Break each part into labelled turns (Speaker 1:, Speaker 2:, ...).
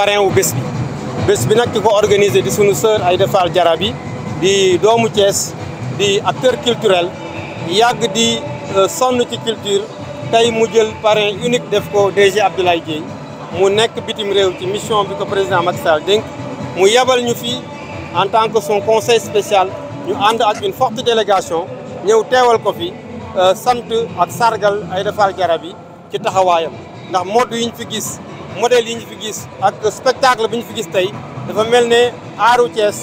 Speaker 1: parrain wu bés bi bés bi nag ki ko organisé di sunu sœur Aïda Fall Jarabi di doomu cees di acteur culturel yàgg di euh, sonn ci culture tey mu jël parrain unique def ko DG Abdoulaye Dièye mu nekk bitim réew ci mission bi ko président Macky Sall mu yebal ñu fii en tant que son conseil spécial ñu ànd ak une forte délégation ñëw teewal ko fi euh, sant ak sargal Aïda Fall Jarabi ci taxawaayam ndax mode yi ñu fi gis modèle yi ñu fi gis ak spectacle bi ñu fi gis tey dafa mel ne aaru Thiès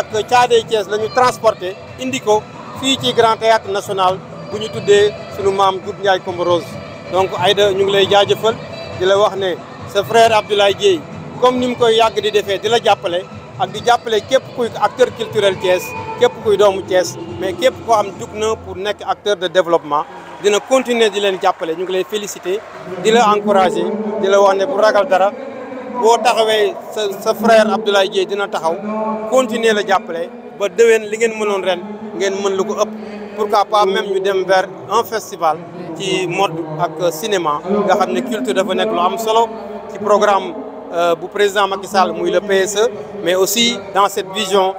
Speaker 1: ak caadey Thiès la ñu transporté indi ko fii ci Grand Théâtre National bu ñu tuddee sunu maam Doudou Ndiaye Coumba Rose donc Aïda ñu ngi lay jaajëfal di la wax ne sa frère Abdoulaye Dieye comme ni mu koy yàgg di defee di la jàppale ak di jàppale képp kuy acteur culturel Thiès képp kuy doomu Thiès mais képp koo am jug na pour nekk acteur de développement dina continuer di leen jàppale ñu ngi lay féliciter di la encourager di la wax ne bu ragal dara boo taxawee sa sa frère Abdoulaye Dieye dina taxaw continuer la jàppale ba déwén li ngeen mënoon ren ngeen mën lu ko ëpp pourquoi pas même ñu dem ver un festival ci mode ak cinéma nga xam ne culture dafa nekk lu am solo ci programme euh, bu président Macky Sall muy le PSE mais aussi dans cette vision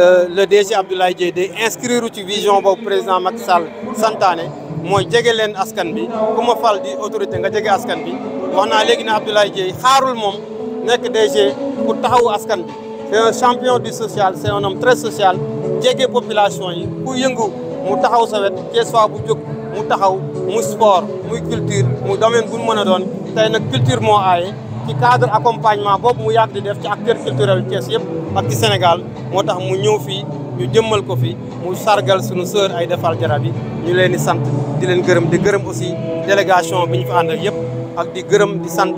Speaker 1: euh, le DG Abdoulaye Dieye day inscrire ci vision boobu président Macky Sall santaane mooy jege leen askan bi ku ma fal di autorité nga jege askan bi wax naa léegi ne Abdoulaye Dièye xaarul moom nekk DG ku taxawu askan bi c'est un champion du social c'est un homme très jege population yi ku yëngu mu taxaw sa wet Thiès bu jóg mu taxaw muy sport muy culture mu domaine bu mu mën a doon tey nag culture moo aaye ci cadre accompagnement boobu mu yàgg di def ci acteurs culturels Thiès yëpp ak ci Sénégal moo tax mu ñëw fii ñu jëmmal ko fi mu sargal sunu sœur ay defal jarab yi ñu leen di sant di leen gërëm di gërëm aussi délégation bi ñu fa àndal yëpp ak di gërëm di sant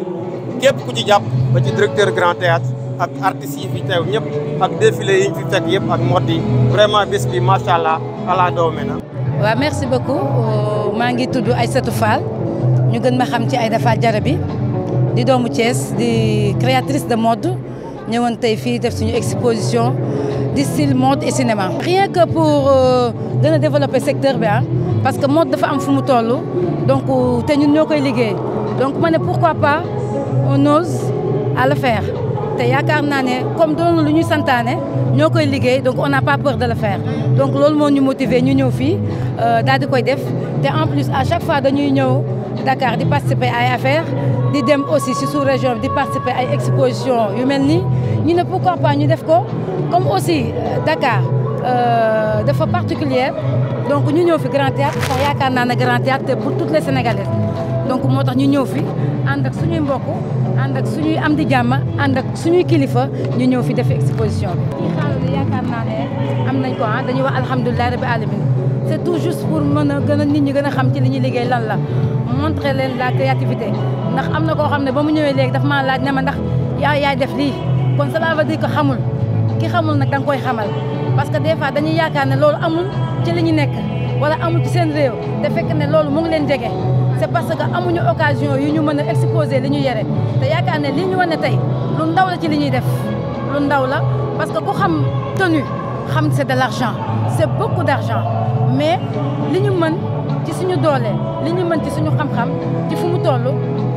Speaker 1: képp ku ci jàpp ba ci directeur grand théâtre ak artistes yi fi teew ñëpp ak défilé yi yëpp ak mode yi vraiment bés bi macha allah ala doome na.
Speaker 2: waaw merci beaucoup euh, maa ngi tudd Aïssatou Fall ñu gën ma xam ci Aïda Fall Diaraby di doomu Thiès di créatrice de mode ñëwoon tey fii def suñu exposition du style mode et cinéma. rien que pour euh, gën a secteur bi ah parce que mode dafa am fu mu toll donc euh, te ñun ñoo koy liggéey donc ma ne pourquoi pas on ose à le faire te yaakaar naa ne comme doon lu ñuy santaane ñoo koy liggéey donc on n'a pas peur de le faire donc loolu moo ñu motiver ñu ñëw fii euh, daal di koy def te en plus à chaque fois dañuy ñëw. dakaar di participer ay affaire di dem aussi si sous région di participer ay exposition yu mel nii ñu ne pourquoi pas ñu def ko comme aussi euh, Dakar euh, dafa particulière donc ñu ñëw fi Grand yaakaar naa ne Grand Théâtre pour toutes les donc moo tax ñu ñëw fi ànd ak suñuy mbokk ànd ak suñuy am di jàmm ànd ak suñuy kilifa ñu ñëw fi def exposition bi. ñi xaaral yaakaar naa ne am nañ ko ah dañuy wax alhamdulilah rabbi alamin c'est tout juste pour mën a gën a nit ñi gën a xam ci li ñuy liggéey lan la. montrer leen la créativité ndax am na koo xam ne ba mu ñëwee léegi daf maa laaj ne ma ndax yaa yaay def lii kon cela veut dire que xamul ki xamul nag da nga koy xamal parce que des fois dañuy yaakaar ne loolu amul ci li ñu nekk wala amul ci seen réew te fekk ne loolu mu ngi leen jege c'est parce que amuñu occasion yu ñu mën a exposer li ñu yore te yaakaar ne li ñu ne tey lu ndaw la ci li ñuy def lu ndaw la parce que ku xam tenue xam c'est de l'argent c'est beaucoup d'argent mais li ñu ci suñu doole li ñu mën ci suñu xam-xam ci fu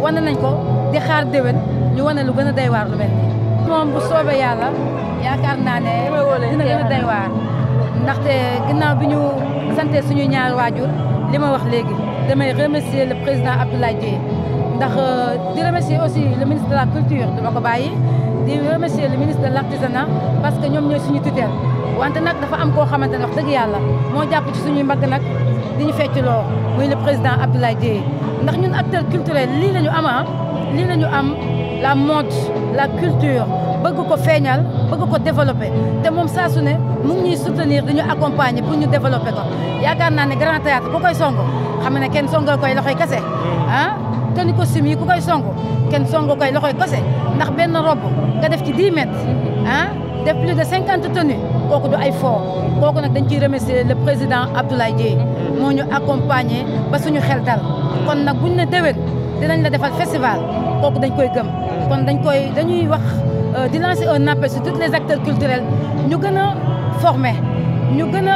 Speaker 2: wane nañ ko di xaar déwén ñu wane lu gën a doy lu mel ni moom bu soobee yàlla yaakaar naa ne dina gën a doy waar ndaxte ginnaaw bi ñu sante suñu ñaar waajur li ma wax léegi damay remercier le président Abdoulaye Dièye ndax euh, di remercier aussi le ministre de la culture duma ko bàyyi di remercier le ministre de l'artisanat parce que ñoom ñooy suñu tutelle wante nag dafa am koo xamante ne wax dëgg yàlla moo jàpp ci suñuy mbagg nag di ñu fecculoo muy le président Abdoulaye Dièye ndax ñun acteur culturel lii la ñu ah, lii la ñu am la mode la culture bëgg ko feeñal bëgg ko développé te moom saa su ne mu ngi ñuy soutenir di ñu accompagner pour ñu développé ko yaakaar naa ne grand théâtre ku koy songo xam ne kenn songal koy loxoy kese ah tenue ko yi ku koy songo kenn songo koy loxoy kese ndax benn rob nga def ci 10 mètres ah def plus de 50 tenues kooku du ay fort kooku nag dañ ciy remercier le président Abdoulaye Dièye moo ñu accompagner ba suñu xel dal kon nag buñ ne déwén dinañ la defal festival kooku dañ koy gëm kon dañ koy dañuy wax euh, di lancer un appel sur tous les acteurs culturels ñu gën a former ñu gën a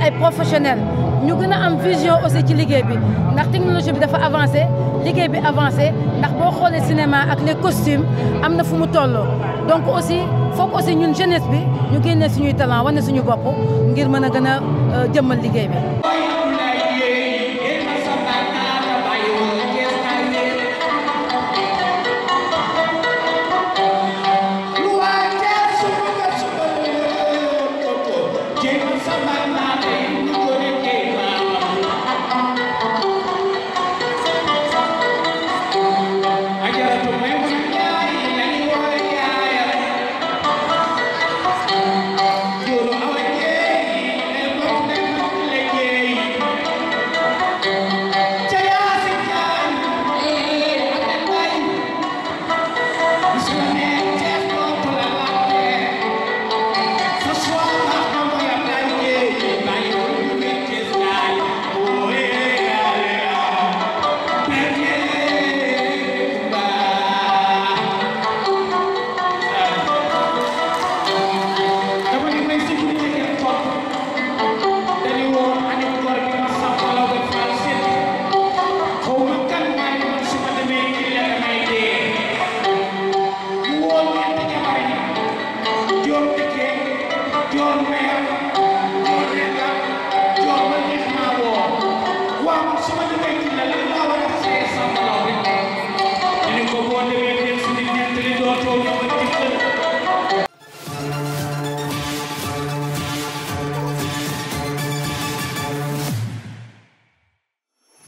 Speaker 2: ay professionnels ñu gën a am vision aussi ci liggéey bi ndax technologie bi dafa avancé liggéey bi avancé ndax boo xoolee cinéma ak les costumes am na fu mu tolloo donc aussi foog aussi ñun jeunesse bi ñu génnee suñuy talent wane suñu bopp ngir mën a gën a euh, jëmmal liggéey bi